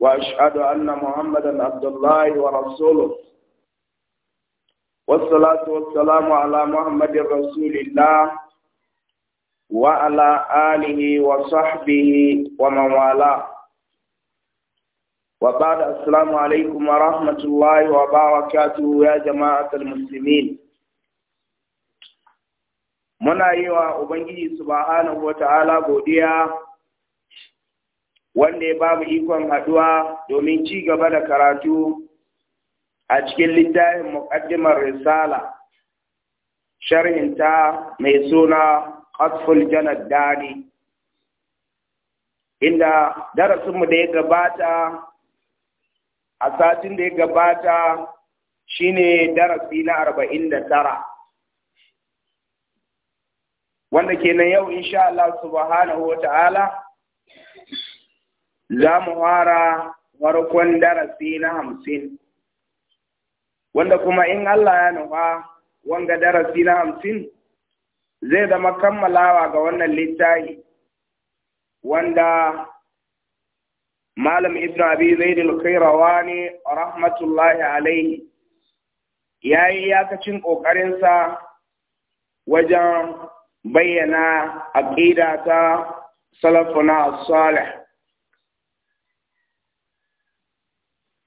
وأشهد أن محمدا عبد الله ورسوله والصلاة والسلام على محمد رسول الله وعلى آله وصحبه ومن والاه وبعد السلام عليكم ورحمة الله وبركاته يا جماعة المسلمين muna yi wa Ubangiji subhanahu wa ta'ala godiya wanda ya bamu ikon haɗuwa domin ci gaba da karatu a cikin littafin muƙaddimar risala ta mai suna qatful Janad Dani inda darasin mu da ya gabata a satin da ya gabata shine darasi na arba'in da tara wanda kenan yau insha Allah subhanahu wa ta'ala za mu fara farkon darasi na hamsin wanda kuma in Allah ya nufa wanga darasi na hamsin zai zama kammalawa ga wannan littafi wanda malam ibn abi zaid al-khairawani rahmatullahi alaihi yayi cin ƙoƙarinsa wajen bayyana aqida ta salafuna salih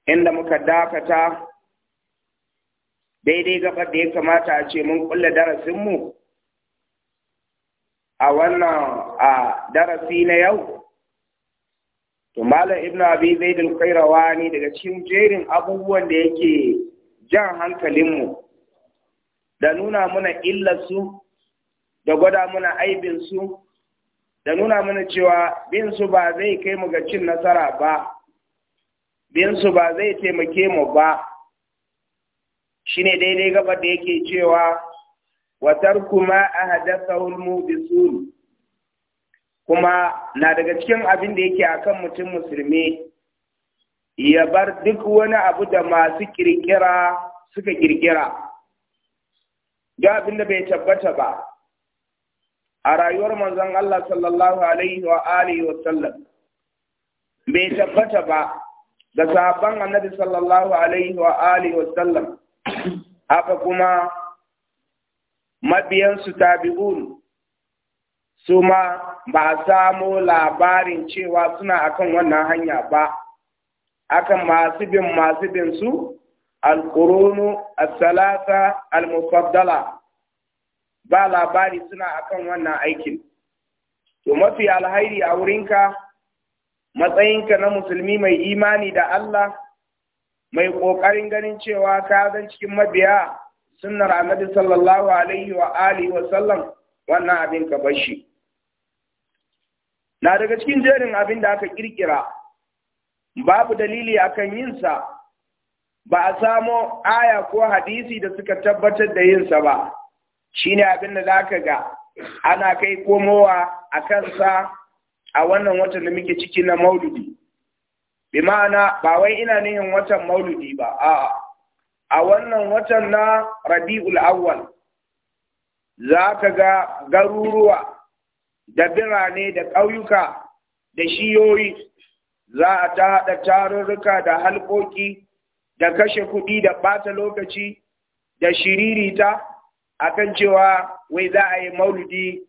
inda muka dakata daidai gabar da ya kamata a ce mun kulle darasinmu a wannan a darasi na yau to ibn abi zaidul kairawa ne daga cikin jerin abubuwan da yake jan hankalinmu da nuna muna illarsu da gwada muna aibinsu da nuna mana cewa bin su ba zai kai mu ga cin nasara ba binsu ba zai taimake mu ba Shi ne daidai gaba da yake cewa Watar kuma ma ahdathahu hulmu kuma na daga cikin abin da yake kan mutum musulmi ya bar duk wani abu da masu kirkira suka kirkira ga abin da bai tabbata ba a rayuwar manzon Allah sallallahu alaihi wa alihi wa sallam bai tabbata ba da sahabban annabi sallallahu alaihi wa alihi wa haka kuma mabiyansu tabi'un su ma ba samo labarin cewa suna akan wannan hanya ba akan masu bin masu bin su alƙurunu as-salata al-mufaddala ba labari suna akan wannan aikin to mafi alhairi a wurinka matsayinka na musulmi mai imani da Allah mai ƙoƙarin ganin cewa ka zan cikin mabiya sunnar Annabi sallallahu alaihi wa alihi wa sallam wannan abin ka bashi na daga cikin jerin abin da aka kirkira babu dalili akan yin sa ba a samo aya ko hadisi da suka tabbatar da yin sa ba shine abin da zaka ga ana kai komowa a kansa a wannan watan da muke ciki na mauludi bi ma'ana ba wai ina nihin watan mauludi ba a a wannan watan na rabi'ul awwal za ka ga garuruwa da birane da ƙauyuka da shiyoyi za a ta haɗa tarurruka da halƙoƙi da kashe kuɗi da ɓata lokaci da shiririta a kan cewa wai za a yi mauludi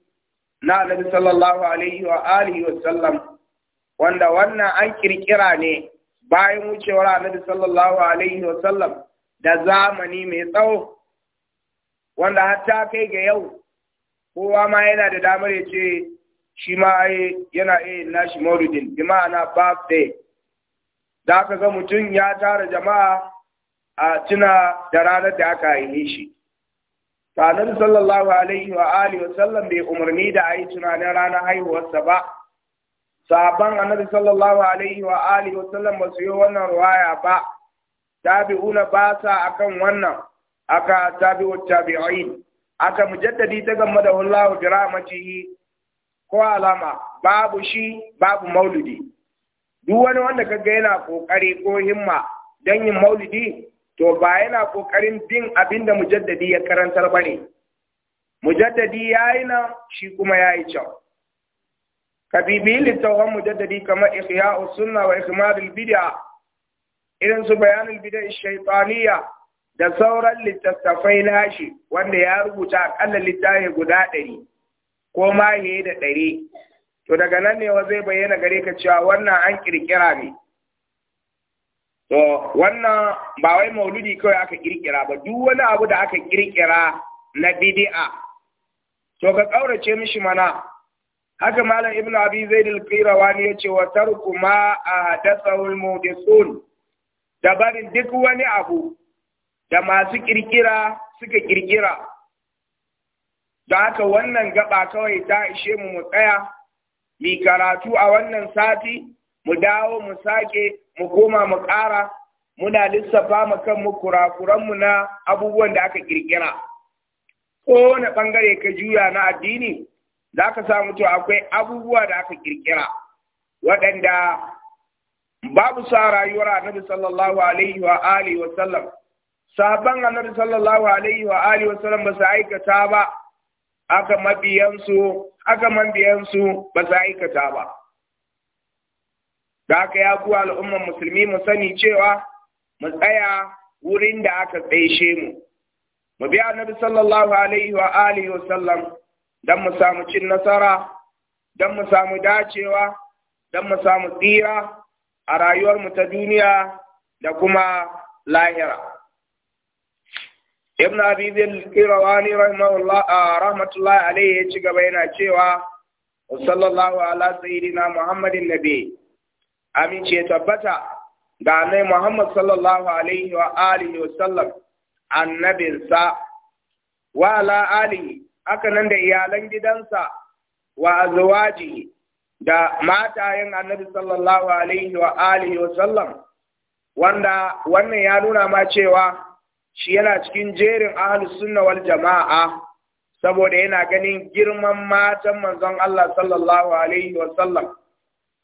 na Annabi sallallahu alaihi wa alihi wa sallam wanda wannan an kirkira ne bayan wucewar Annabi sallallahu alaihi wa sallam da zamani mai tsawo wanda har ta kai ga yau kowa ma yana da damar ya ce shi ma yana iya nashi mauludin bi ma'ana birthday da aka ga mutum ya tara jama'a a tuna da ranar da aka haife shi Sanar sallallahu alaihi wa alihi wa sallam bai umarni da ayi tunanin ranar haihuwarsa ba Sabon annabi sallallahu alaihi wa alihi wa sallam ba su yi wannan ruwaya ba tabi'una ba sa akan wannan aka tabi'u tabi'in aka mujaddadi ta gama da wallahu bi ko alama babu shi babu maulidi duk wani wanda ga yana kokari ko himma don yin maulidi to ba yana kokarin bin abin da mujaddadi ya karantar ba ne mujaddadi ya yi nan shi kuma ya yi can ka bibiyi littafin mujaddadi kamar ihya'u sunna wa ikmalul bid'a irin su bayanul bid'a shaytaniya da sauran littattafai nashi wanda ya rubuta akalla littafi guda ɗari ko ma da ɗari to daga nan ne zai bayyana gare ka cewa wannan an kirkira ne To, wannan ba wai mauludi kawai aka kirkira ba, duk wani abu da aka kirkira na bidi'a. To, ka kaurace mishi mana, haka Malam ibnu Abi Zaid al-Qirawani ya ce wa tarku ma ahdathu al-muhdisun da barin duk wani abu da masu kirkira suka kirkira. Da haka wannan gaba kawai ta ishe mu mu tsaya, mi karatu a wannan sati, mu dawo mu sake mu koma mu ƙara muna lissafa mu kanmu kurakuranmu na abubuwan da aka ƙirƙira. Kowane ɓangare ka juya na addini za ka samu to akwai abubuwa da aka ƙirƙira waɗanda babu sa rayuwar annabi sallallahu alaihi wa alihi wa sallam sahabban annabi sallallahu alaihi wa alihi wa sallam ba su aikata ba aka mabiyansu aka mabiyansu ba su aikata ba da aka ya buwa al'ummar musulmi mu sani cewa mu tsaya wurin da aka tsaishe mu mu bi annabi sallallahu alaihi wa alihi wa sallam don mu samu cin nasara don mu samu dacewa don mu samu tsira a rayuwar mu ta duniya da kuma lahira ibn abi dhil irawani rahmatullahi alaihi ya ci gaba yana cewa sallallahu ala sayyidina muhammadin nabi aminci ce tabbata ga annai Muhammad sallallahu alaihi wa alihi wa sallam annabinsa wa ala alihi haka nan da iyalan gidansa wa azwaji da matayen annabi sallallahu alaihi wa alihi wa sallam wanda wannan ya nuna ma cewa shi yana cikin jerin ahlus sunna wal jama'a saboda yana ganin girman matan manzon Allah sallallahu alaihi wa sallam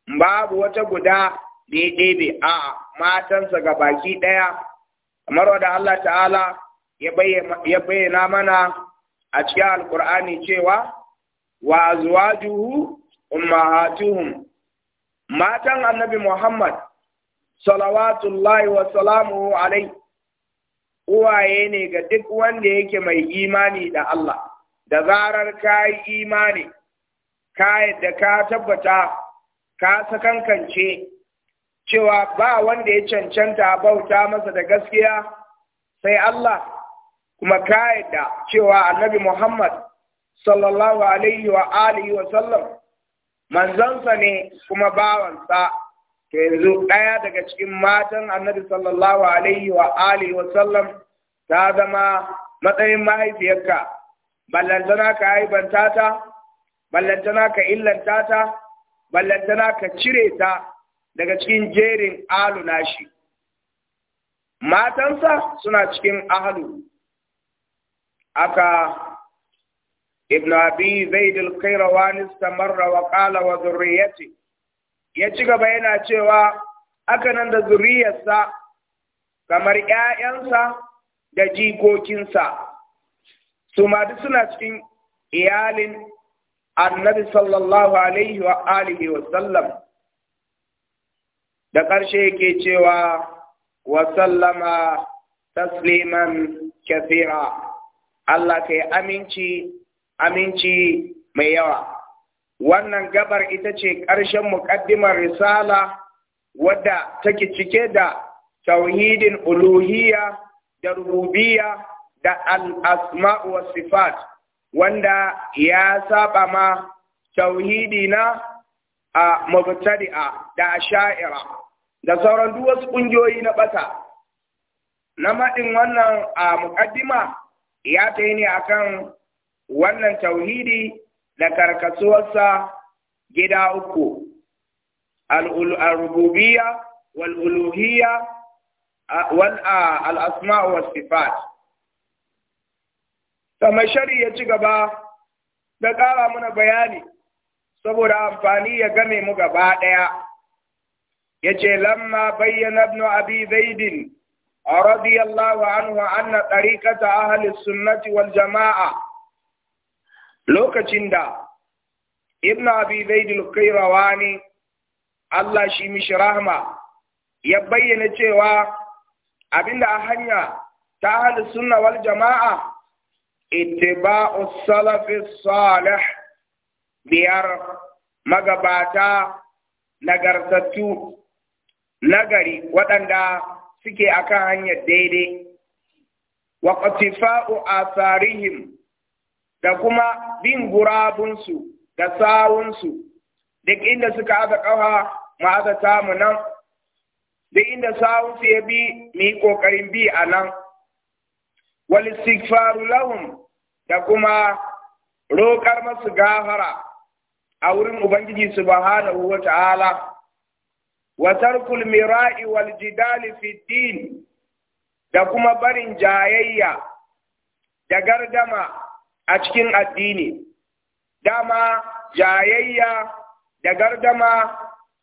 babu wata guda daidai ya ɗebe a matansa ga baki ɗaya kamar wadda Allah ta'ala ya bayyana mana a cikin alkur'ani cewa wa azwajuhu ummahatuhum matan annabi Muhammad salawatullahi wa salamu alai uwaye ne ga duk wanda yake mai imani da Allah da zarar ka yi imani ka yadda ka tabbata ka sakankance cewa ba wanda ya cancanta bauta masa da gaskiya sai Allah kuma ka yadda cewa annabi Muhammad sallallahu alaihi wa alihi wa sallam manzansa ne kuma bawansa to yanzu ɗaya daga cikin matan annabi sallallahu alaihi wa alihi wa sallam ta zama matsayin mahaifiyarka ballantana ka haibanta ta ballantana ka illanta ta ballantana ka cire ta daga cikin jerin alu nashi matansa suna cikin ahalu aka ibn abi zaid al-qayrawani istamarra wa qala wa dhurriyyati ya ci gaba yana cewa aka nan da zuriyarsa kamar 'ya'yansa da jikokinsa su ma suna cikin iyalin annabi sallallahu alaihi wa alihi wa sallam da ƙarshe yake cewa wa sallama tasliman kathira Allah ka yi aminci aminci mai yawa wannan gabar ita ce ƙarshen muƙaddimar risala wadda take cike da tauhidin uluhiyya da rububiyya da al wa sifat wanda ya saba ma tauhidi na a mubtadi'a da sha'ira da sauran duk wasu kungiyoyi na bata na madin wannan a muƙaddima ya ta yi ne akan wannan tauhidi da karkasuwarsa gida uku al-rububiyya wal-uluhiyya wal asma sifat kamar shari ya ci gaba da ƙara mana bayani saboda amfani ya game mu gaba ɗaya ya ce lamma bayyana ibn abi zaidin radiyallahu anhu anna tariqata ahli sunnati wal jama'a lokacin da ibn abi zaid al-qayrawani Allah shi mishi rahma ya bayyana cewa abinda a hanya ta ahli sunna wal jama'a ittiba'u salafi salih biyar magabata nagartattu nagari waɗanda suke akan hanyar daidai wa qatifa'u atharihim da kuma bin gurabunsu da sawunsu duk inda suka aza ƙafa mu aza tamu nan duk inda sawunsu ya bi mu yi ƙoƙarin bi a nan wal istighfaru lahum da kuma roƙar masu gafara a wurin ubangiji subhanahu wa ta'ala wa tarkul wal jidali din da kuma barin jayayya da gardama a cikin addini dama jayayya da gardama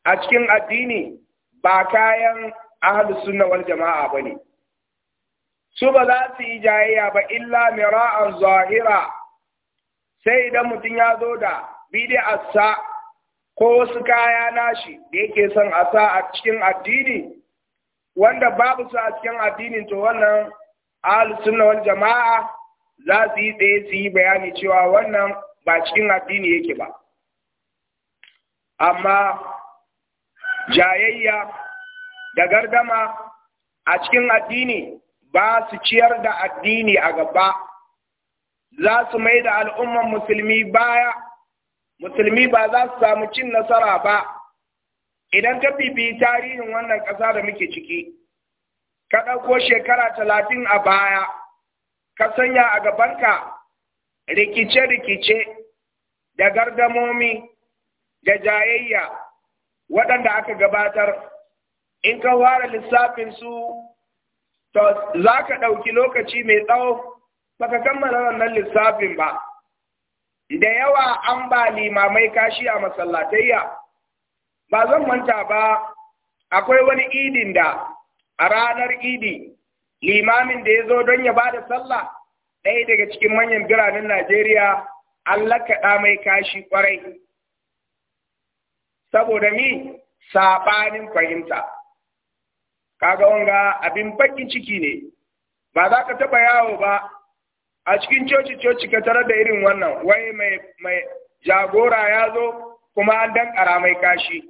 a cikin addini ba kayan ahal sunna wal jama'a bane su ba za su yi jayayya ba illa mira'an zahira sai idan mutum ya zo da assa ko wasu kaya nashi da yake son a sa a cikin addini wanda babu su a cikin addinin to wannan ahlus sunna wal jama'a za su yi tsaye su yi bayani cewa wannan ba cikin addini yake ba amma jayayya da gardama a cikin addini ba su ciyar da addini a gaba za su mai da al'umman musulmi baya musulmi ba za su samu cin nasara ba idan ka bibi tarihin wannan ƙasa da muke ciki ka ɗauko shekara talatin a baya ka sanya a gabanka rikice-rikice da gardamomi da jayayya waɗanda aka gabatar in ka ware lissafin su to za ka ɗauki lokaci mai tsawo baka kammala wannan lissafin ba da yawa an ba limamai kashi a masallatayya ba zan manta ba akwai wani idin da a ranar idi limamin da ya zo don ya ba da sallah ɗaya daga cikin manyan biranen najeriya an lakaɗa mai kashi kwarai. saboda mi saɓanin fahimta kaga wanga abin bakin ciki ne ba za ka taba yawo ba a cikin coci coci ka tarar da irin wannan wai mai mai jagora ya zo kuma an dankara mai kashi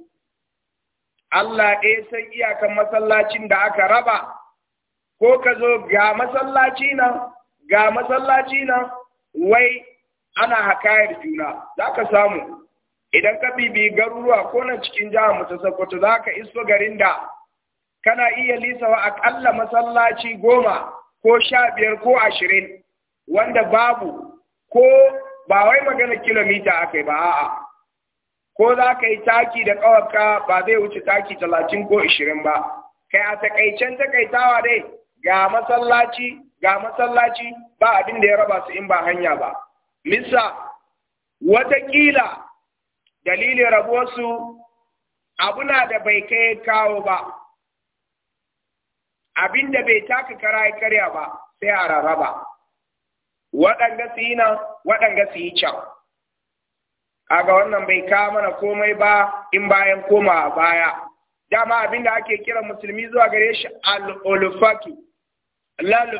Allah ɗaya san iyakan masallacin da aka raba ko ka zo ga masallaci nan ga masallaci nan wai ana hakayar juna za ka samu idan ka bibi garuruwa ko na cikin jihar mu ta Sokoto za ka iso garin da kana iya lisawa a aƙalla masallaci goma ko sha biyar ko ashirin wanda babu ko ba wai magana kilomita akai ba a'a ko za ka yi taki da ƙawarka ba zai wuce taki talatin ko ashirin ba kai a takaicen takaitawa dai ga masallaci ga masallaci ba abin da ya raba su in ba hanya ba Misa, watakila dalilin rabuwarsu abu na da bai kai kawo ba Abin da bai taka kara ya karya ba sai a rarraba waɗanda su yi nan waɗanda su yi can kaga wannan bai kawo mana komai ba in bayan koma baya dama abinda ake kira musulmi zuwa gare shi al-ulfatu lal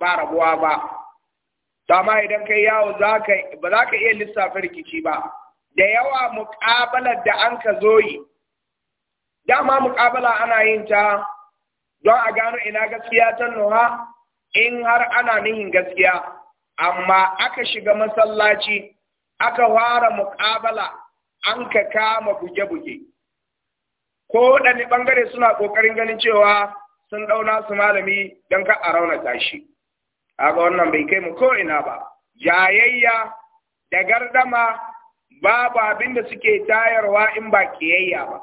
ba rabuwa ba dama idan kai yawo zaka ba za ka iya lissafa rikici ba da yawa muƙabalar da anka ka zo dama muƙabala ana yin ta don a gano ina gaskiya ta nuha in har ana nihin gaskiya amma aka shiga masallaci aka fara muƙabala an ka kama buge-buge ko waɗanne ɓangare suna ƙoƙarin ganin cewa sun ɗauna su malami don ka a raunata shi aga wannan bai kai mu ko ina ba jayayya da gardama babu abin da suke tayarwa in ba kiyayya ba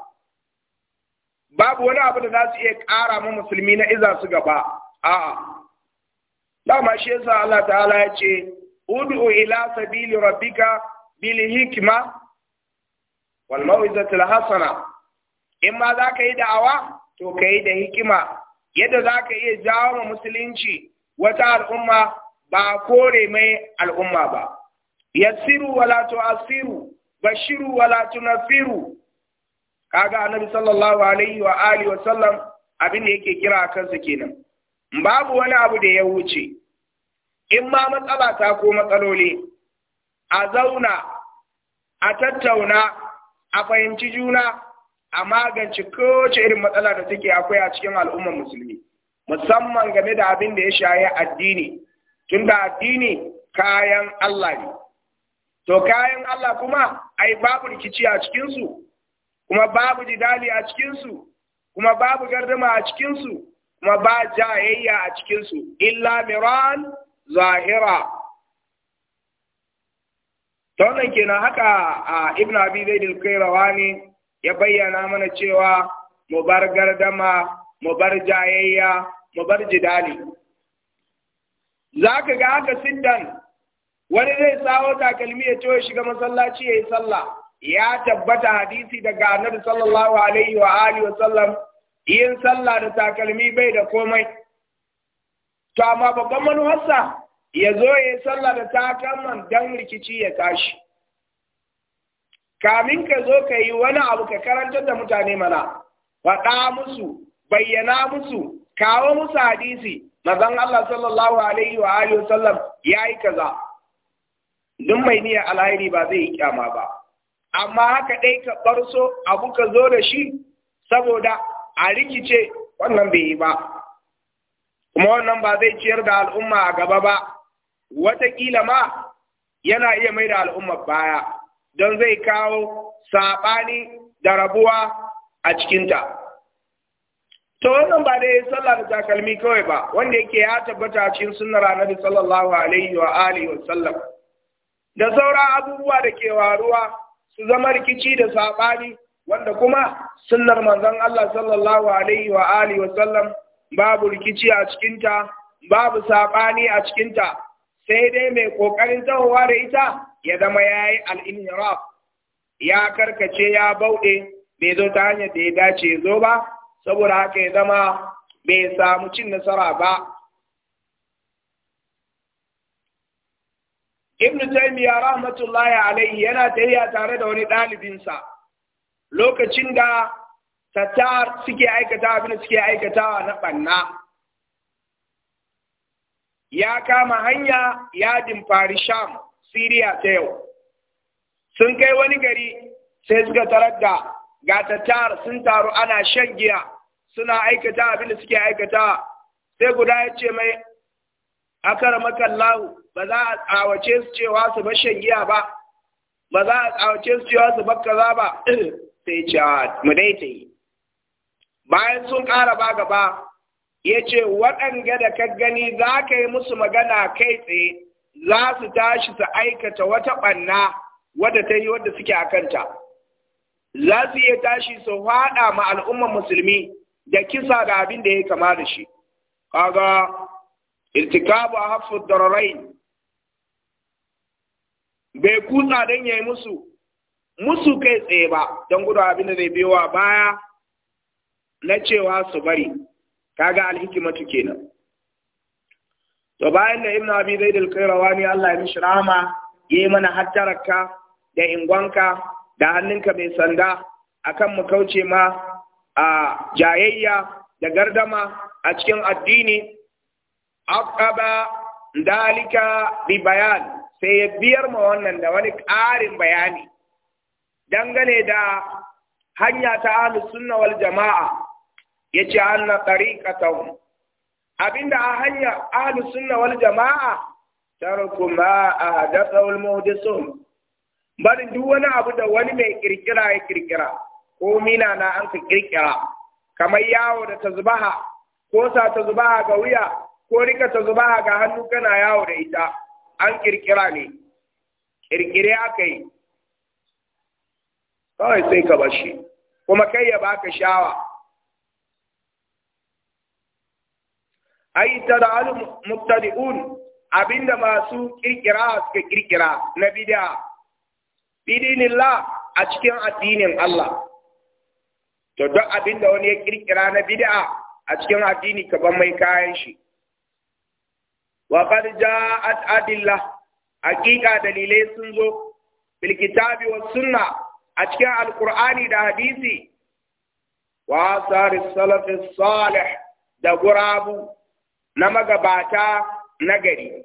babu wani abu da za su iya ƙara ma musulmi na iza su gaba a'a dama shi yasa Allah ta'ala ya ce ud'u ila sabili rabbika bil hikma wal mawizatil hasana in ma za ka yi da'awa to ka yi da hikima yadda za ka iya jawo ma musulunci wata al'umma ba kore mai al'umma ba Yasiru wala tu'assiru bashiru wala tunaffiru kaga annabi sallallahu alaihi wa alihi wa sallam abin da yake kira a kansa kenan babu wani abu da ya wuce in ma matsala ta ko matsaloli a zauna a tattauna a fahimci juna a magance kowace irin matsala da take akwai a cikin al'ummar musulmi musamman game da abin da ya shaye addini tunda addini kayan Allah ne to kayan Allah kuma ai babu rikici a cikinsu kuma babu jidali a cikinsu kuma babu gardama a cikinsu kuma ba jayayya a cikinsu illa miran zahira ta kenan haka a ibn abi zaid al ne ya bayyana mana cewa mu bar gardama mu bar jayayya mu bar jidali zaka ga haka siddan wani zai sawo takalmi ya to ya shiga masallaci yi sallah ya tabbata hadisi daga annabi sallallahu alaihi wa alihi wa sallam yin sallah da takalmi bai da komai to amma babban manuwarsa ya zo ya yi sallah da takalman dan rikici ya tashi kamin ka zo ka yi wani abu ka karantar da mutane mana faɗa musu bayyana musu kawo musu hadisi mazan Allah sallallahu alaihi wa alihi wa sallam yayi kaza duk mai niyyar alheri ba zai yi kyama ba amma haka ɗai ka so abu ka zo da shi saboda a rikice wannan bai yi ba kuma wannan ba zai ciyar da al'umma a gaba ba watakila ma yana iya mai da al'umma baya don zai kawo saɓani da rabuwa a cikinta. To wannan ba dai sallah da takalmi kawai ba, wanda yake ya tabbata cikin sunnar ranar sallallahu alaihi wa alihi wa sallam. Da sauran abubuwa da ke waruwa su zama rikici da saɓani wanda kuma sunnar manzon Allah sallallahu alaihi wa alihi wa sallam babu rikici a cikinta babu saɓani a cikinta sai dai mai ƙoƙarin tahowa da ita ya zama yayi yi al'inhiraf ya karkace ya bauɗe bai zo ta hanyar da ya dace zo ba saboda haka ya zama bai samu cin nasara ba ibn taymiya rahmatullahi alaihi yana tafiya tare da wani ɗalibinsa lokacin da tattar suke aikata abin suke aikatawa na ɓanna ya kama hanya ya Fari sham siriya ta yau sun kai wani gari sai suka tarar da ga tattahar sun taru ana shan giya suna aikata abin da suke aikata sai guda ya ce mai akaramaka Allah ba za a tsawace su cewa su ba shan giya ba ba za a tsawace su cewa su bakka za ba sai ce ah, mu dai ta yi bayan sun ƙara ba gaba ya ce waɗanga da ka gani za ka yi musu magana kai tsaye za su tashi su aikata wata ɓanna wadda ta yi wadda suke a kanta za su iya tashi su haɗa ma al'umman musulmi da kisa da abin da ya kama da shi kaga irtikabu a haffar dararai bai kutsa don ya yi musu musu kai tsaye ba don gudu abin da zai biyowa baya na cewa su bari kaga alhikimatu kenan to bayan da ibnu zai dalkai rawa ne Allah ya mishi rahama yi mana hattaraka da ingwanka da hannunka mai sanda akan mu kauce ma a jayayya da gardama a cikin addini aqaba dalika bi bayan sai ya biyar ma wannan da wani ƙarin bayani dangane da hanya ta ahlu sunna wal jama'a yace anna tariqatahum abinda a hanya ahlu sunna wal jama'a tarku ma ahdathahu al muhdisun barin duk wani abu da wani mai kirkira ya kirkira ko mina na an ka kirkira kamar yawo da tazbaha ko sa tazbaha ga wuya ko rika ta zuba ga hannu kana yawo da ita an kirkira ne kirkire aka yi kawai sai ka bashi kuma kai ya baka shawa ai ta da al mubtadi'un abinda masu kirkira suka kirkira na bid'a bidinillah a cikin addinin Allah to duk abinda wani ya kirkira na bid'a a cikin addini ka ban mai kayan shi wa qad ja'at adillah dalilai sun zo bil kitabi sunna a cikin alqur'ani da hadisi wa asar salaf salih da gurabu na magabata nagari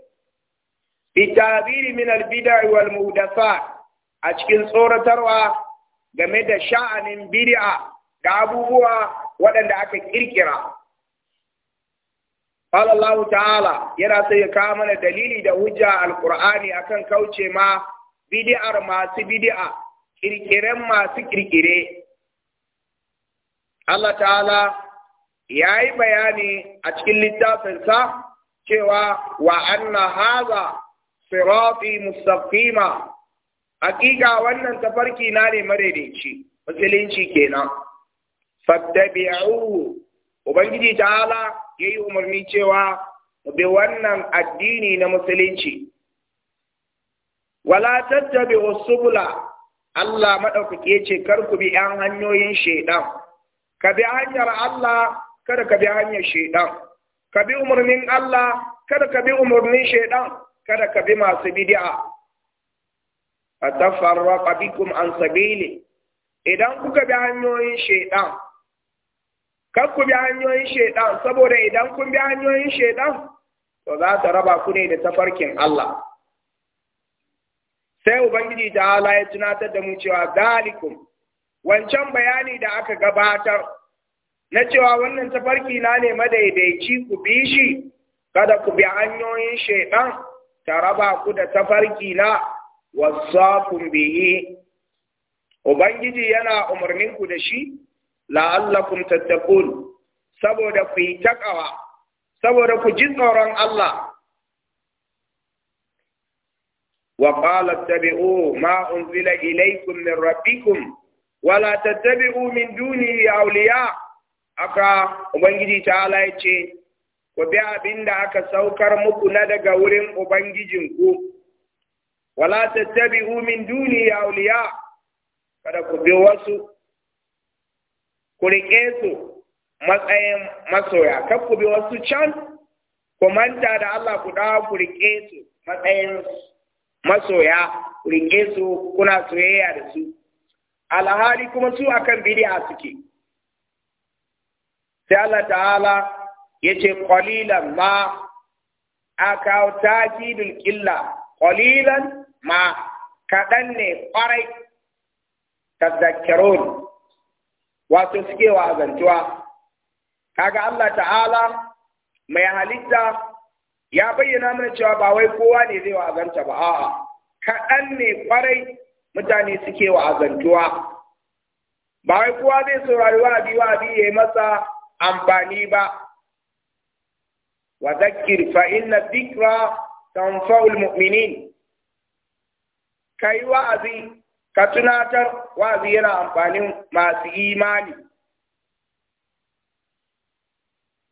bi tabiri min al bid'a wal muhdathat a cikin tsoratarwa game da sha'anin bid'a da abubuwa waɗanda aka kirkira قال ta'ala yana sai ya kawo mana dalili da hujja alqur'ani akan kauce ma bid'ar masu bid'a kirkiren masu kirkire Allah ta'ala ya yi bayani a cikin littafinsa cewa wa anna haza sirati mustaqima hakika wannan tafarki na ne madaidaici musulunci kenan fattabi'uhu ubangiji ta'ala ya yi umarni cewa bi wannan addini na musulunci wala tattabi usubula Allah maɗaukaki ce kar ku bi ‘yan hanyoyin shaiɗan, ka bi hanyar Allah kada ka bi hanyar shaiɗan, ka bi umarnin Allah kada ka bi umarnin shaiɗan, kada ka bi masu bidi'a. A bikum an sabili idan kuka bi hanyoyin shaiɗan kar ku bi hanyoyin shaidan saboda idan kun bi hanyoyin shaidan to za ta raba ku ne da tafarkin Allah sai ubangiji ta ala ya tunatar da mu cewa dalikum wancan bayani da aka gabatar na cewa wannan tafarki na ne madaidaici ku bi shi kada ku bi hanyoyin shaidan ta raba ku da tafarki na wasafun bihi ubangiji yana umarnin ku da shi la'allakum tattakun, saboda ku yi takawa saboda ku ji tsoron Allah wa qala tabi'u ma unzila ilaykum min rabbikum wala tattabi'u min duni awliya aka ubangiji ta ala yace ku bi abin da aka saukar muku na daga wurin ubangijinku wala tattabi'u min duni awliya kada ku bi wasu ku riƙe su matsayin masoya kar ku bi wasu can ku manta da Allah ku dawo ku riƙe su matsayin masoya ku riƙe su kuna soyayya da su alhali kuma su akan bidiya suke sai Allah ta'ala ya ce kwalilan ma A kawo takidul qilla qalilan ma kaɗan ne ƙwarai zakkaroni. wato suke wa'azantuwa kaga Allah ta'ala mai halitta ya bayyana mana cewa ba wai kowa ne zai wa'azanta ba a'a kaɗan ne kwarai mutane suke wa'azantuwa ba wai kowa zai saurari wa'azi wa'azi ya masa amfani ba wa zakir fa inna dhikra tanfa'ul mu'minin kai wa'azi ka tunatar wazi yana amfanin masu imani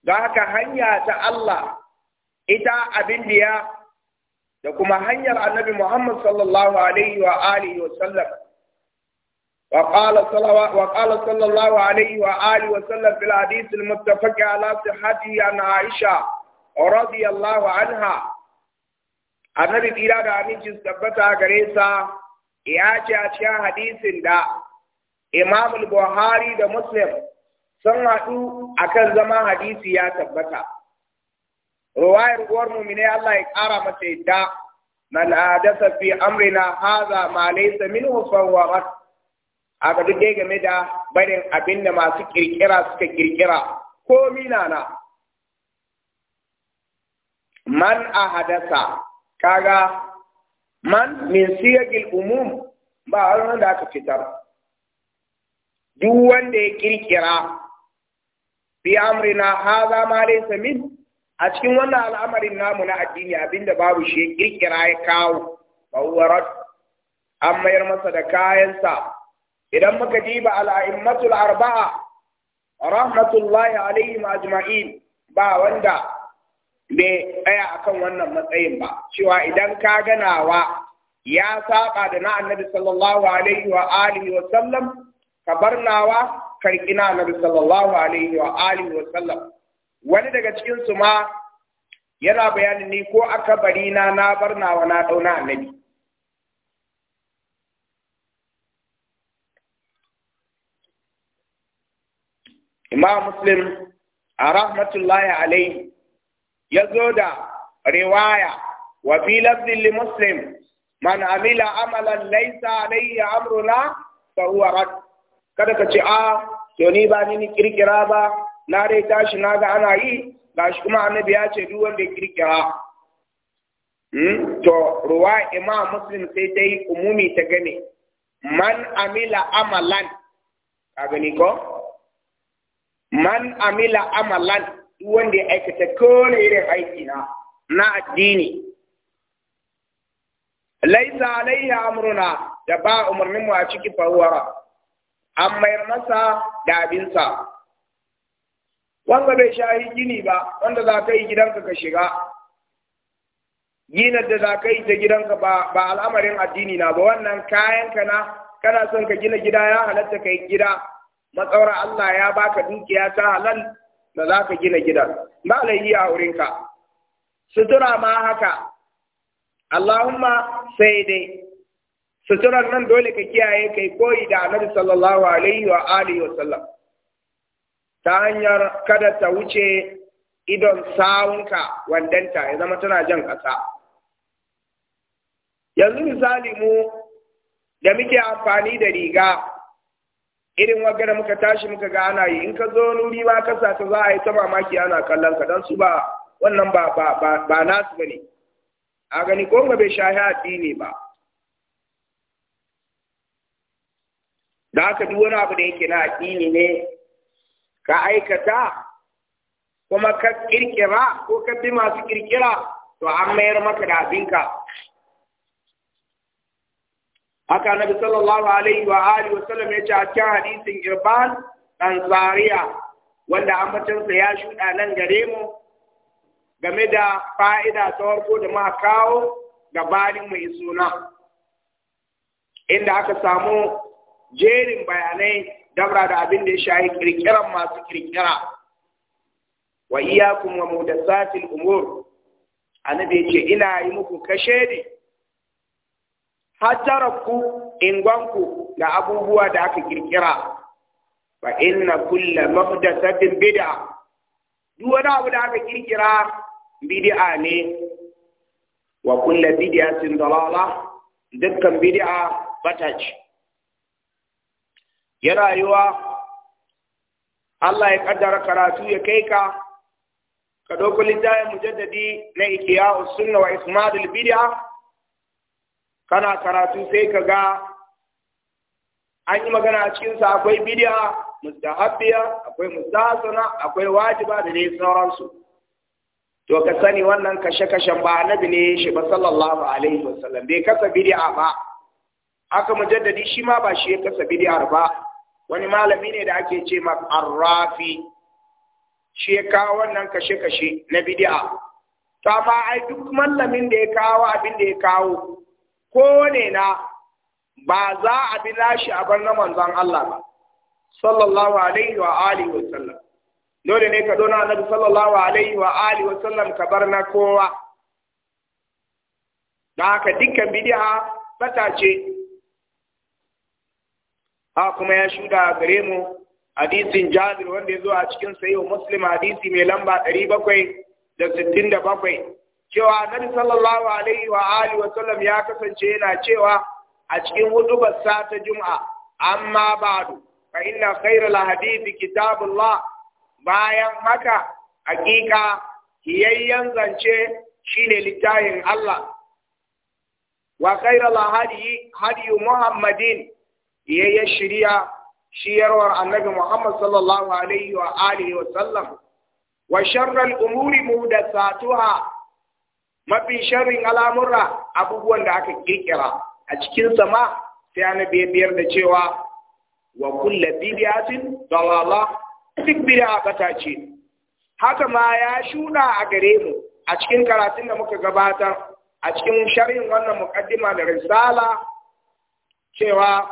ga haka hanya ta Allah ita abin diya da kuma hanyar annabi Muhammad sallallahu alaihi wa alihi wa sallam وقال صلى الله عليه وآله وسلم في ya ce a cikin hadisin da Imam Buhari da Muslim sun haɗu akan zama hadisi ya tabbata. Ruwayar uwar mumine Allah ya ƙara masa yadda man adasa fi amrina haza ma laysa minhu fawwarat aka duk game da barin abin da masu kirkira suka kirkira ko minana man ahadasa kaga man min siyagil umum ba har da aka fitar duk wanda ya kirkira bi amrina hadha ma laysa min a cikin wannan al'amarin namu na addini abinda babu shi ya kirkira ya kawo bawwarat an mayar masa da kayansa idan muka diba al'a'immatul arba'a rahmatullahi alaihim ajma'in ba wanda ɗaya tsaya akan wannan matsayin ba cewa idan ka ganawa ya saba da na annabi sallallahu alaihi wa alihi wa sallam ka bar nawa karki na annabi sallallahu alaihi wa alihi wa sallam wani daga cikin su ma yana bayanin ni ko aka bari na na bar nawa na dauna annabi Imam Muslim a rahmatullahi alaihi ya zo da riwaya wa fi lafzin li muslim man amila amalan laisa alayya amruna fa huwa rad kada ka ce a ah, to ni ba ni ni kirkira ba na dai tashi na ga ana yi shi kuma annabi ya ce duk wanda ya kirkira hmm? to ruwa imam muslim sai dai umumi ta gane man amila amalan ka gani ko man amila amalan duk wanda ya aikata kone irin aiki na na addini laisa alayya amruna da ba umarnin mu a ciki fawara an mayar masa da abinsa wanda bai sha gini ba wanda za ka yi gidanka ka shiga ginar da za ka yi ta gidanka ba al'amarin addini na ba wannan kayan ka na kana son ka gina gida ya halatta ka yi gida matsaura Allah ya baka dukiya ta halal da za ka gina gidan ba laifi a wurinka sutura ma haka Allahumma sai dai suturar nan dole ka kiyaye kai koyi da annabi sallallahu alaihi wa alihi wa sallam ta hanyar kada ta wuce idon sawunka wandanta ya zama tana jan ƙasa yanzu misali mu da muke amfani da riga irin wagana muka tashi muka ga ana yi in ka zo Nuri ba ka sa za a yi ta mamaki ana kallon ka dan su ba wannan ba ba ba, ba bane a gani ko ga bai shahi addini ba da haka duk wani abu da yake na addini ne ka aikata kuma ka ƙirƙira? ko ka bi masu ƙirƙira? to an mayar maka da abinka haka na sallallahu alaihi wa alihi wa sallam ya ce a cikin hadisin irban dan tsariya wanda ambacinsa ya shuɗa nan gare mu game da fa'ida ta farko da ma kawo gabanin mai suna inda aka samu jerin bayanai dabra da abin da ya shahi kirkiran masu kirkira wa iyakum wa satin umur annabi ce ina yi muku kashe ne ku, ingwanku ga abubuwa da aka kirkira fa inna kulla muhdathatin bid'a duk wani abu da aka kirkira bid'a ne wa bid'a bid'atin dalala dukkan bid'a bata ce ya rayuwa Allah ya kaddara karatu ya kai ka ka ɗauko littafin mujaddadi na ikiya sunna wa ismadul bid'a kana karatu sai ka ga an yi magana a cikinsa akwai bidiya mustahabbiya akwai mustahasana, akwai wajiba da dai sauransu to ka sani wannan kashe-kashen ba annabi ne shi ba sallallahu alaihi wasallam bai kasa bidiya ba aka mujaddadi shi ma ba shi ya kasa bidiya ba wani malami ne da ake ce ma arrafi shi ya kawo wannan kashe-kashe na bidiya to amma ai duk mallamin da ya kawo abin da ya kawo ko ne na ba za a bi nashi a bar na manzon Allah ba sallallahu alaihi wa alihi wa sallam dole ne ka dona annabi sallallahu alaihi wa alihi wa sallam ka bar na kowa da haka dukkan bid'a bata ce ha kuma ya shuda gare mu hadisin Jabir wanda ya zo a cikin sayyid Muslim hadisi mai lamba 767 bakwai da sittin da bakwai cewa annabi sallallahu alaihi wa alihi wa sallam ya kasance yana cewa a cikin hudubar sa ta juma'a amma ba'du fa inna khayral hadithi kitabullah bayan haka hakika kiyayyen zance shine littafin Allah wa khayral hadi hadi muhammadin yayya shari'a shiyarwar annabi muhammad sallallahu alaihi wa alihi wa sallam wa sharral umuri mudassatuha mafi sharrin al'amura abubuwan da aka kirkira a cikin sama sai an biyar da cewa wa kullu bid'atin dalala duk bid'a bata ce haka ma ya shuna a gare mu a cikin karatun da muka gabatar a cikin sharrin wannan mukaddima da risala cewa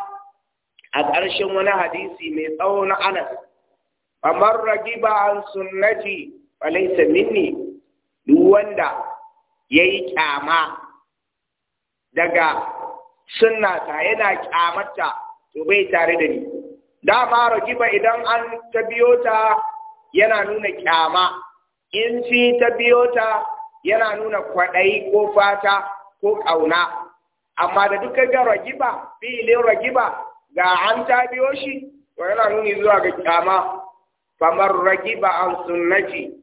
a ƙarshen wani hadisi mai tsawo na Anas kamar ragiba an sunnati falaysa minni duk wanda ya yi ƙyama daga sunnata yana ƙyamata to bai tare da ni dama ragiba idan an ta biyo ta yana nuna ƙyama in ci ta biyo ta yana nuna kwaɗayi ko fata ko ƙauna amma da duka ga ragiba fi'ilin ragiba ga an ta biyo shi to yana nuni zuwa ga ƙyama famar ragiba an sunnaci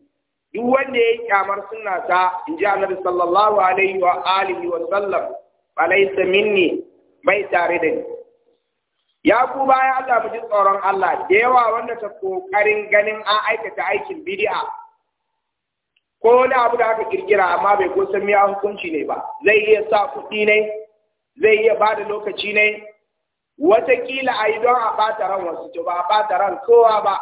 duk wanda ya yi kyamar sunna ta in ji annabi sallallahu alaihi wa alihi wa sallam balaisa minni bai tare da ni ya ku baya Allah mu ji tsoron Allah da yawa wanda ta kokarin ganin an aikata aikin bid'a ko wani abu da aka kirkira amma bai ko san miya hukunci ne ba zai iya sa kuɗi ne zai iya ba da lokaci ne Wataƙila a yi don a ɓata ran wasu to ba a ɓata ran kowa ba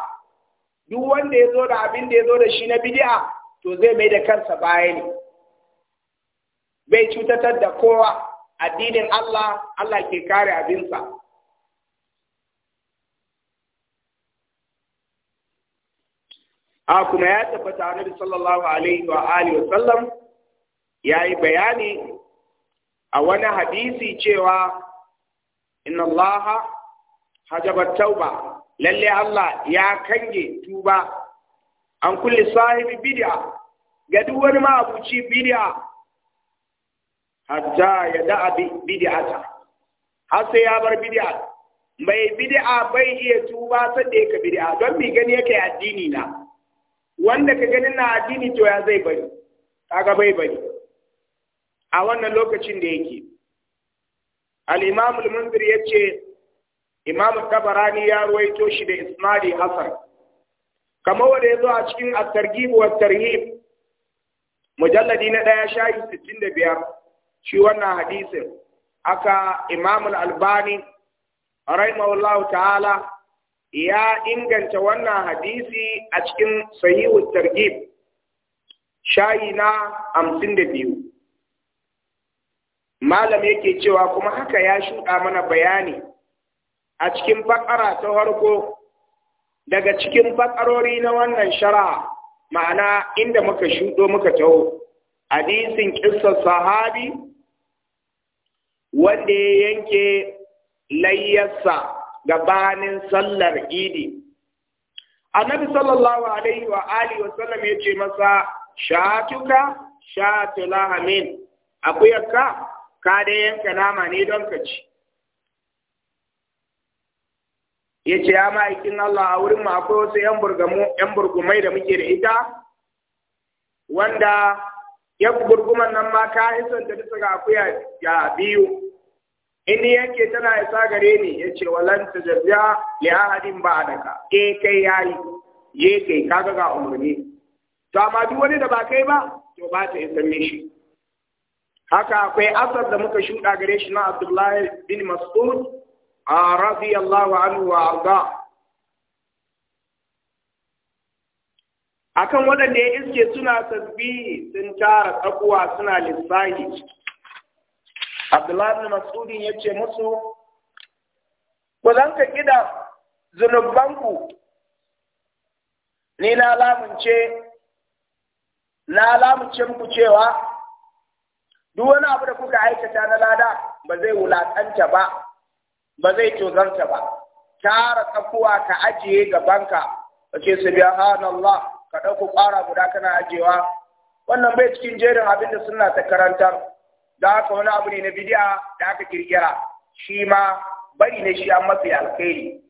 duk wanda ya zo da abin da ya zo da shi na bidi'a to zai mai da kansa baya ne bai cutatar da kowa addinin Allah Allah ke kare abinsa a kuma ya tabbata annabi sallallahu alaihi wa alihi wa sallam yayi bayani a wani hadisi cewa inna allaha hajabar tauba lalle Allah ya kange tuba an kulli sahibi bid'a ga duk wani ma'abuci bid'a hatta ya da'a bid'ata har sai ya bar bid'a mai bid'a bai iya tuba sai da yake bid'a don mi gani yake addini na wanda ka ganin na addini to ya zai bari kaga bai bari a wannan lokacin da yake al-imam al-munzir yace imam tabarani ya ruwaito shi da isnadi hasan kamar wanda ya zo a cikin at-targhib wa tarhib mujalladi na ɗaya shayi 65 shi wannan hadisin aka imam al-albani rahimahullahu ta'ala ya inganta wannan hadisi a cikin sahihu targhib shayi na 52 malam yake cewa kuma haka ya shuɗa mana bayani a cikin fakara ta harko daga cikin fakarori na wannan shara ma'ana inda muka shudo muka taho hadisin kissar sahabi wanda ya yanke layyarsa gabanin sallar idi annabi sallallahu alaihi wa alihi wa sallam ya ce masa shatuka Shatulahamin, lahamin akuyarka ka da yanka nama ne don ka ci ya ce ya ma'aikin Allah a wurin mu akwai wasu ‘yan burgumai da muke da ita wanda ya burguman nan ma ka hisan da ta ga akuya ya biyu inda yake tana isa gare ni ya ce walan ta jabiya li ahadin ba daga. e kai yayi ye kai kaga ga umarni to amma duk wani da ba kai ba to ba ta isa mishi haka akwai asar da muka shuɗa gare shi na Abdullahi bin Mas'ud رضي الله عنه وارضاه akan waɗanda ya iske suna tasbi sun tara tsakuwa suna lissahi Abdullahi Mas'udin ya ce musu ku zan ka kida zunubanku ni na lamunce na lamunce muku cewa duk wani abu da kuka aikata na lada ba zai wulaƙanta ba ba zai tozarta ba tara tsakuwa ka ajiye gabanka ka ce subhanallah ka ɗauko kwara guda kana ajiyewa wannan bai cikin jerin abin da suna ta karantar da haka wani abu ne na bidiya da aka kirkira shi ma bari ne shi an mafi alkhairi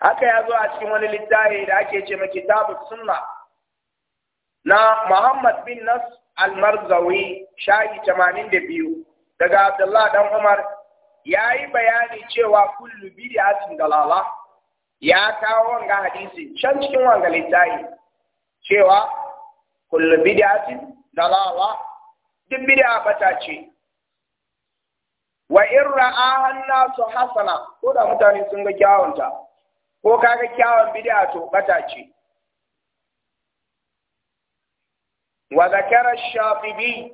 haka ya zo a cikin wani littafi da ake ce ma kitabu sunna na Muhammad bin Nas al-Marzawi da biyu. daga Abdullah dan Umar ya yi bayani cewa kullu bid'atin dalala ya kawo wanga hadisi can cikin wanga littafi cewa kullu bid'atin dalala duk bid'a bata ce wa in ra'aha an hasana ko da mutane sun ga kyawunta ko kaga kyawun bid'a to bata ce wa zakara shafibi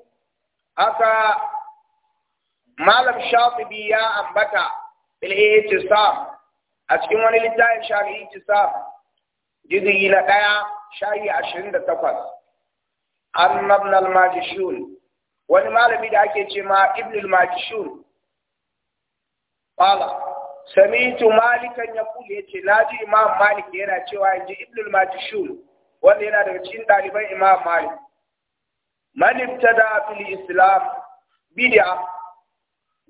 aka malam shafibi ya ambata bil ihtisab a cikin wani littafin shafi'i ihtisab jidi na daya shayi 28 an ibn al-majishun wani malami da ake ce ma ibn al-majishun qala sami'tu malikan yaqulu yace laji imam malik yana cewa inji ibn al-majishun wanda yana daga cikin ɗaliban imam malik man ibtada fil islam bid'a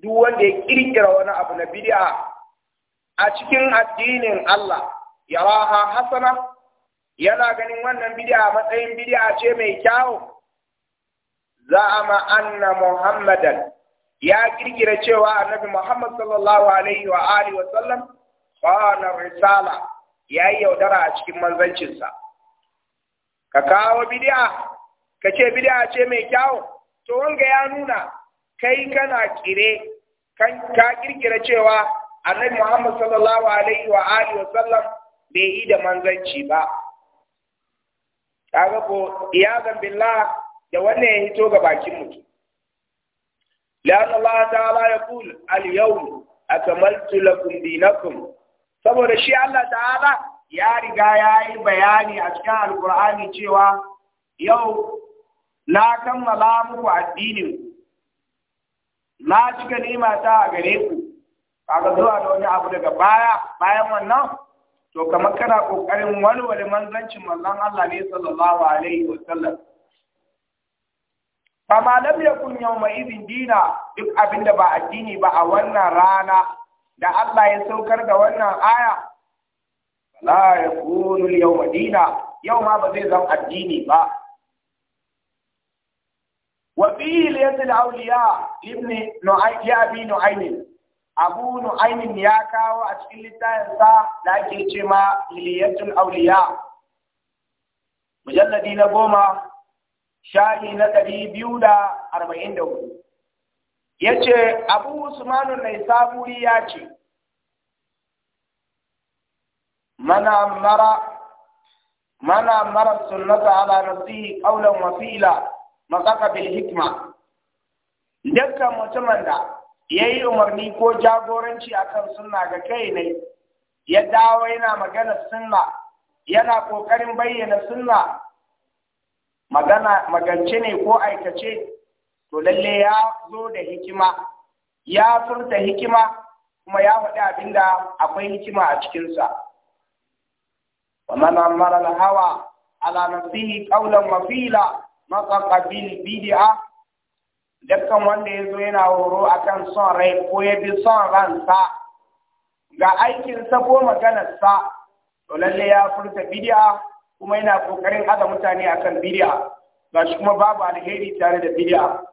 duk wanda ya kirkira wani abu na bid'a a cikin addinin Allah ya raha hasana yana ganin wannan bid'a matsayin bidi'a ce mai kyau za'ama anna muhammadan ya kirkira cewa annabi muhammad sallallahu alaihi wa alihi wa sallam khana risala ya yi yaudara a cikin manzancinsa ka kawo bid'a ka ce bid'a ce mai kyau? to wanga ya nuna kai kana kire ka kirkira cewa annabi Muhammad sallallahu alaihi wa alihi wa sallam bai yi da manzanci ba kaga ko iyazan billah da wannan ya hito ga bakin mutum ta'ala ya تعالى al yawm akmaltu lakum dinakum saboda shi Allah ta'ala ya riga ya yi bayani a cikin alkur'ani cewa yau na kammala muku addinin ku na cika ganima ta a gare ku kaga zuwa da wani abu daga baya bayan wannan to kamar kana kokarin walwale manzancin manzon Allah ne sallallahu alaihi wa sallam fama lam yakun yawma idin dina duk abinda ba addini ba a wannan rana da Allah ya saukar da wannan aya la yakunu al-yawma dina yau ma ba zai zama addini ba وفي ليس الأولياء ابن نعيم يا أبي نعيم أبو نعيم ياكا وأشكل تانسا لكن كما ليس الأولياء مجلدين قوما شاهي نتبي بيودا أربعين دول yace abu usmanu mai saburi ya ce mana mara mana mara sunnata ala nasihi mazaka bil hikma dukkan mutumin da ya yi umarni ko jagoranci akan sunna ga kai ne ya dawo yana magana sunna yana ƙoƙarin bayyana sunna magana magance ne ko aikace to lalle ya zo da hikima ya furta hikima kuma ya faɗi abinda akwai hikima a cikinsa wa man amara al-hawa ala nafsihi qawlan wa fi'la masaka bil bid'a dukkan wanda ya zo yana horo akan son rai ko ya bi son ransa ga aikin sa ko maganarsa to lalle ya furta bid'a kuma yana kokarin haɗa mutane akan bid'a ga shi kuma babu alheri tare da bid'a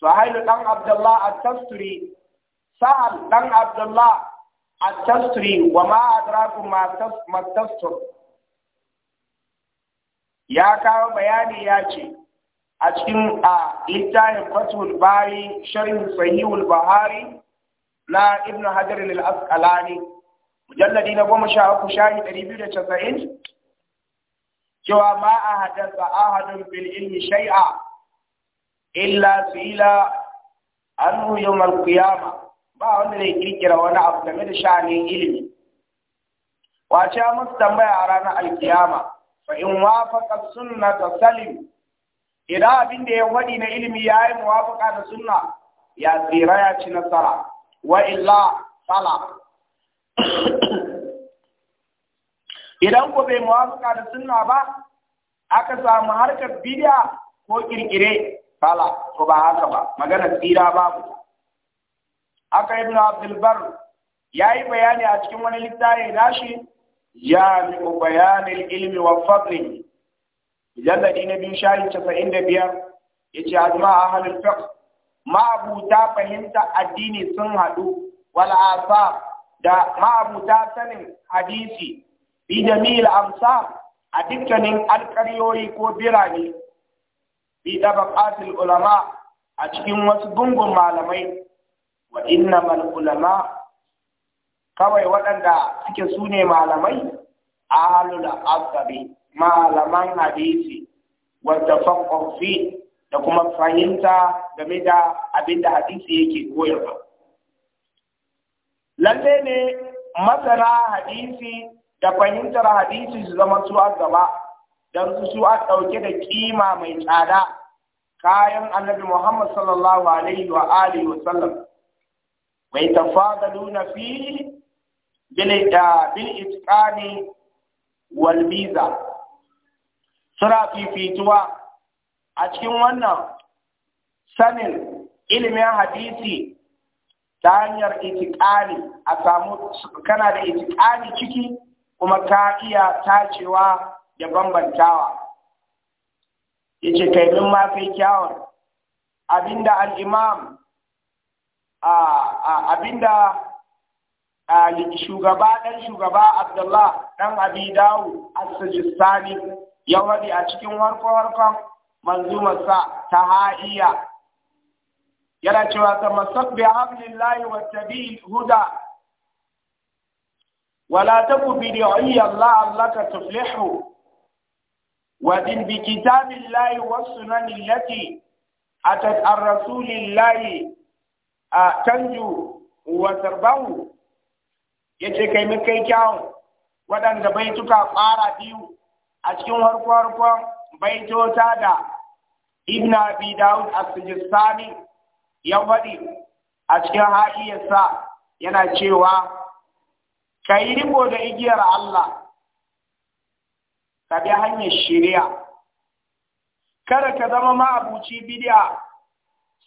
sahailu dan abdullah at-tasturi sahal dan abdullah at-tasturi wa ma adraku ma tastur ya kawo bayani ya ce a cikin a littafin fatul bari sharhin sahihul bahari na ibnu hajar al-asqalani mujalladi na goma sha uku shahi ɗari biyu da casa'in cewa ma a a ahadun bil ilmi shai'a illa sila anhu yawmal qiyama ba wanda zai kirkira wani abu game da sha'anin ilimi wace masu tambaya a ranar alkiyama fa in wafaqa sunnata salim idan abin da ya wadi na ilimi ya yi mawafaka da sunna ya tsira ya ci nasara wa illa sala idan ko bai mawafaka da sunna ba aka samu harkar bid'a ko kirkire sala to ba haka ba magana tsira babu aka ibn Abdulbar ya yi bayani a cikin wani littafi nashi ko bayanil ilmi wa fadli mujalladi na biyu shayin casa'in da biyar ya ce azuma a halin fiqh ta fahimta addini sun hadu wal asa da ma'abuta sanin hadisi bi jamil amsa a dukkanin alƙaryoyi ko birane bi dabaqatil ulama a cikin wasu gungun malamai wa innamal ulama kawai waɗanda suke su ne malamai da asabi malaman hadisi wadda fi da kuma fahimta game da abin da hadisi yake koyarwa lalle ne masana hadisi da fahimtar hadisi su zama su a gaba don su su a ɗauke da kima mai tsada kayan annabi muhammad sallallahu alaihi wa alihi wa sallam mai tafadalu nuna fi bil itqani wal miza suna fifituwa a cikin wannan sanin ilimin hadisi ta hanyar itikani a samu kana da itikani ciki kuma ka iya tacewa da bambantawa yace kai min ma fi kyawun abinda al-imam abinda shugaba ɗan shugaba Abdullah ɗan Abi Dawu As-Sijistani ya wadi a cikin warko-warkon manzumarsa ta ha'iya yana cewa ta masabbi layi wa tabi huda wala taku bid'i Allah allaka tuflihu wa din bi kitabillahi was sunan allati atat ar-rasulillahi tanju wa tarbahu ya ce kai min kai kyawun waɗanda baituka ƙwara biyu a cikin harko-harkon baitota da ibn bi daud a sijistani ya waɗi a cikin ha'iyarsa yana cewa ka yi riko da igiyar Allah ka bi hanyar shari'a kada ka zama ma'abuci bidiya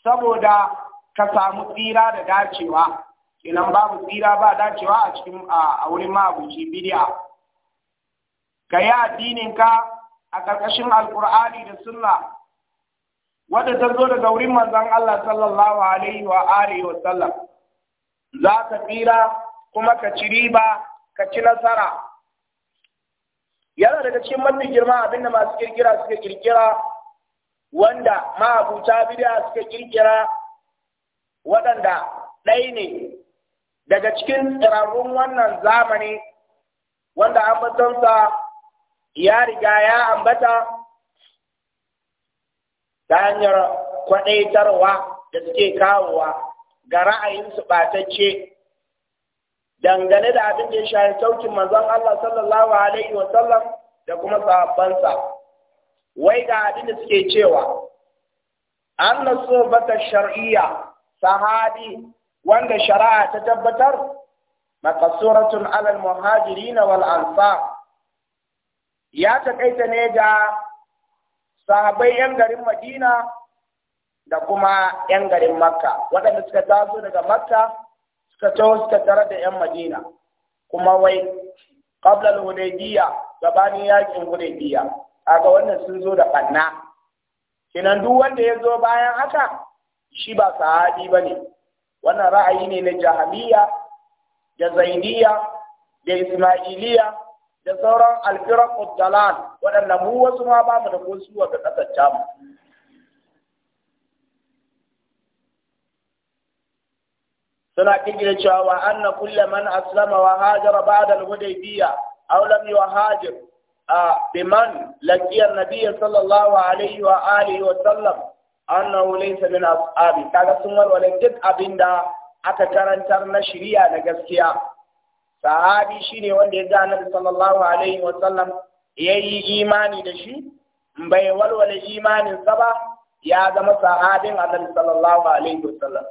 saboda ka samu tsira da dacewa inan babu tsira ba dacewa a cikin a wurin mabuci bidiya ka yi addinin ka a ƙarƙashin alƙur'ani da sunna wadda ta zo daga wurin manzon Allah sallallahu alaihi wa alihi wa sallam za ka tsira kuma ka ci riba ka ci nasara yana daga cikin mafi girma abinda masu kirkira suka kirkira wanda ma'abuta bidiya suka kirkira waɗanda ɗaya ne daga cikin tsirarrun wannan zamani wanda an ambatonsa ya riga ya ambata ta hanyar kwaɗaitarwa da suke kawowa ga ra'ayinsu ɓatacce dangane da abin da ya shahi saukin manzon Allah sallallahu alaihi Wasallam da kuma sahabbansa wai ga abin da suke cewa an na so bata shar'iyya sahabi wanda shari'a ta tabbatar maqsuratun alal muhajirin wal ansar ya takaita ne ga sahabai yan garin Madina da kuma yan garin Makka waɗanda suka taso daga Makka suka taho suka tare da yan Madina kuma wai qabla al-hudaybiyya gabanin yakin hudaybiyya kaga wannan sun zo da ɓanna. kenan duk wanda ya zo bayan haka shi ba sahabi bane wannan ra'ayi ne na jahamiya da zainiya da ismailiya da sauran alfirar dalal waɗanda mu wasu ma ba mu da ko su wata ƙasar mu suna kirkira cewa wa anna kulle man aslama wa hajara ba'da al-hudaybiyya aw lam yuhajir biman laqiya an-nabiy sallallahu alaihi wa alihi wa sallam annahu laysa min ashabi kaga sun walwale duk abinda aka karantar na shari'a da gaskiya sahabi shine wanda ya ga annabi sallallahu alaihi wa sallam yayi imani da shi bai walwale imanin sa ba ya zama sahabin annabi sallallahu alaihi wa sallam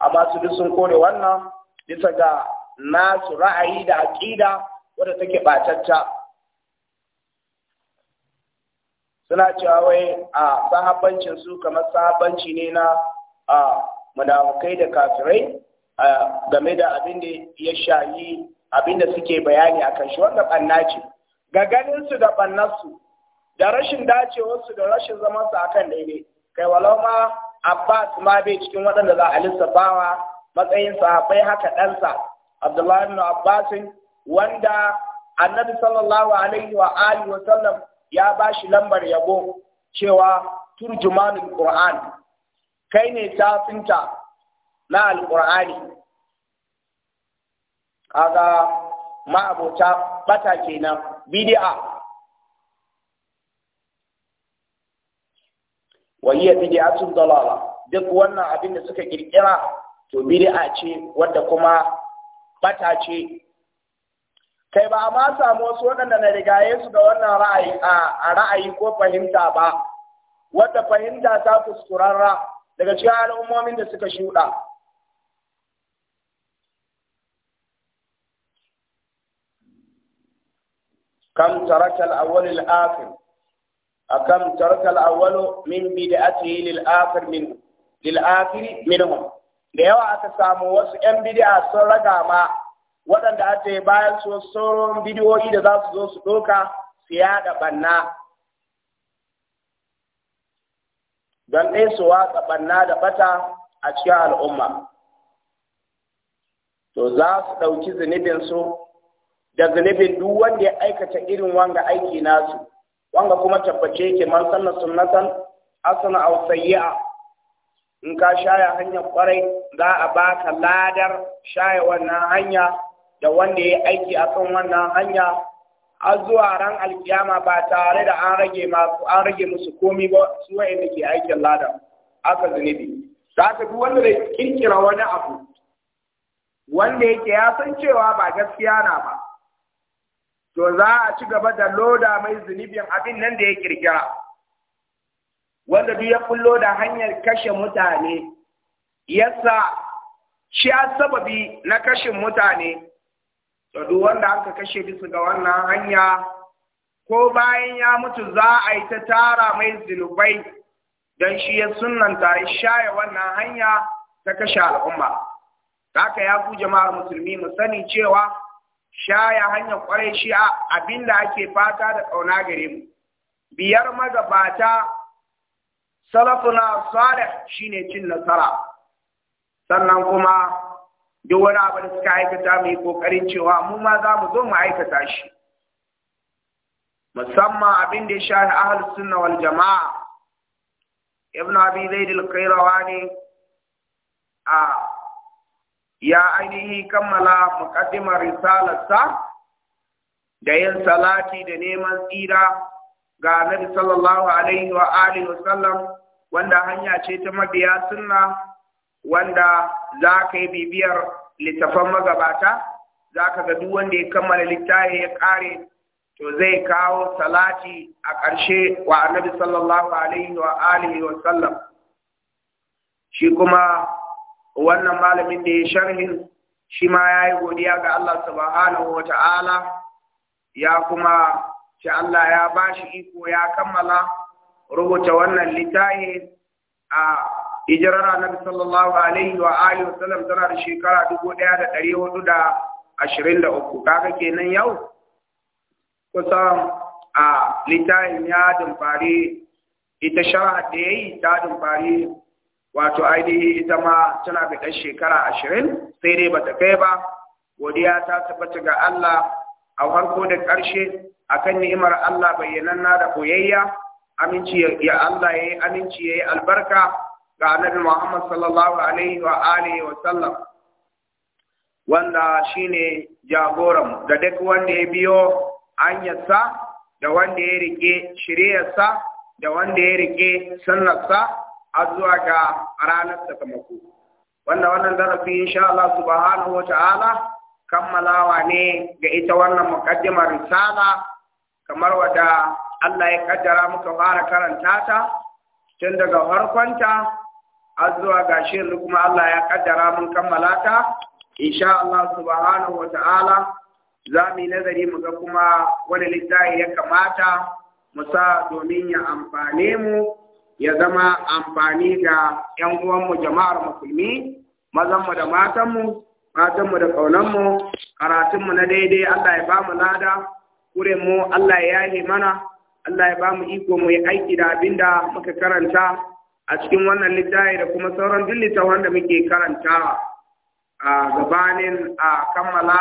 amma su duk sun kore wannan bisa ga nasu ra'ayi da aqida wadda take batacca suna cewa wai a sahabbancin su kamar sahabbanci ne na a munafukai da kafirai game da abin da ya shayi abin da suke bayani akan shi wanda banna ce ga ganin su da bannarsu da rashin dacewarsu da rashin zaman su akan daidai kai walau ma Abbas ma bai cikin waɗanda za a lissafawa matsayin sahabbai haka ɗansa Abdullahi ibn Abbas wanda Annabi sallallahu alaihi wa alihi wa sallam ya ba shi lambar yabo cewa turjumanul Qur'an kai ne tafinta na alƙur'ani kaga ma'abota bata kenan bid'a wa hiya bid'atun dalala duk wannan abin da suka kirkira to bid'a ce wadda kuma bata ce kai ba ma samu wasu waɗanda na rigaye su ga wannan ra'ayi a ra'ayi ko fahimta ba wata fahimta ta kuskurarra daga cikin al'ummomin da suka shuɗa kam taraka al-awwal al-akhir akam taraka al-awwal min bid'atihi lil-akhir min lil-akhir minhum da yawa aka samu wasu 'yan bid'a sun raga ma waɗanda a ce bayan su sauran bidiyoyi da za su zo su ɗoka su yaɗa ɓanna don ɗai su watsa ɓanna da ɓata a cikin al'umma to za su ɗauki zunubinsu da zunubin duk wanda ya aikata irin wanga aiki nasu wanga kuma tabbace yake man sun nasan asana in ka shaya hanyar kwarai za a baka ladar shaya wannan hanya da wanda ya aiki akan wannan hanya azuwa zuwa ran alkiyama ba tare da an rage masu an rage musu komi ba su wa'anda ke aikin ladan aka zunubi za ka duk wanda da kirkira wani abu wanda yake ya san cewa ba gaskiya na ba to za a ci gaba da loda mai zunubin abin nan da ya kirkira wanda duk ya kullo da hanyar kashe mutane yasa shi sababi na kashin mutane to duk wanda aka kashe bisa ga wannan hanya ko bayan ya mutu za a yi ta tara mai zunubai don shi ya sunanta ya shaya wannan hanya ta kashe al'umma haka ya fi jama'ar musulmi mu sani cewa shaya hanyar kwarai shi a abin da ake fata da ƙauna gare mu biyar magabata salafuna salih shine cin nasara sannan kuma duk wani abu da suka aikata mu yi kokarin cewa mu ma za mu zo mu aikata shi musamman abin da ya shafi ahal sunna wal jama'a ibn abi zaid al qayrawani a ya ainihi kammala muqaddimar risalarsa da yin salati da neman tsira ga annabi sallallahu alaihi wa alihi wa sallam wanda hanya ce ta mabiya sunna wanda za ka yi bibiyar littafan magabata za ka ga duk wanda ya kammala littafi ya ƙare to zai kawo salati a ƙarshe wa annabi sallallahu alaihi wa alihi wa sallam shi kuma wannan malamin da ya sharhin shi ma ya yi godiya ga Allah subhanahu wa ta'ala ya kuma ce Allah ya ba shi iko ya kammala rubuta wannan littafi a hijirar na sallallahu alaihi wa alihi wa sallam tana da shekara dubu ɗaya da ɗari hudu da ashirin da uku kaga kenan yau kusan a littafin ya dumfari ita shara da ya yi ta dumfari wato ainihi ita ma tana ɗan shekara ashirin sai dai bata kai ba godiya ta tabbata ga Allah a harko da ƙarshe akan ni'imar Allah bayyananna da koyayya aminci ya Allah yayi aminci yayi albarka ga annabi Muhammad sallallahu alaihi wa alihi wa sallam wanda shine jagoran da duk wanda ya biyo anyarsa da wanda ya rike shiriyarsa da wanda ya rike sunnarsa a zuwa ga ranar sakamako wanda wannan darasi insha Allah subhanahu wa ta'ala kammalawa ne ga ita wannan muqaddimar risala kamar wadda Allah ya kaddara muka fara karanta ta tun daga farkonta har zuwa ga shirin kuma Allah ya kaddara mun kammala ta insha Allah subhanahu wa ta'ala za mu nazari mu ga kuma wani littafi ya kamata mu sa domin ya amfane mu ya zama amfani ga 'yan uwanmu jama'ar musulmi Mazan mu da matan mu, matan mu da mu, karatun mu na daidai Allah ya bamu lada mu Allah ya yi mana Allah ya bamu iko mu yi aiki da abinda muka karanta a cikin wannan littafi da kuma sauran duk littafin da muke karanta a gabanin a kammala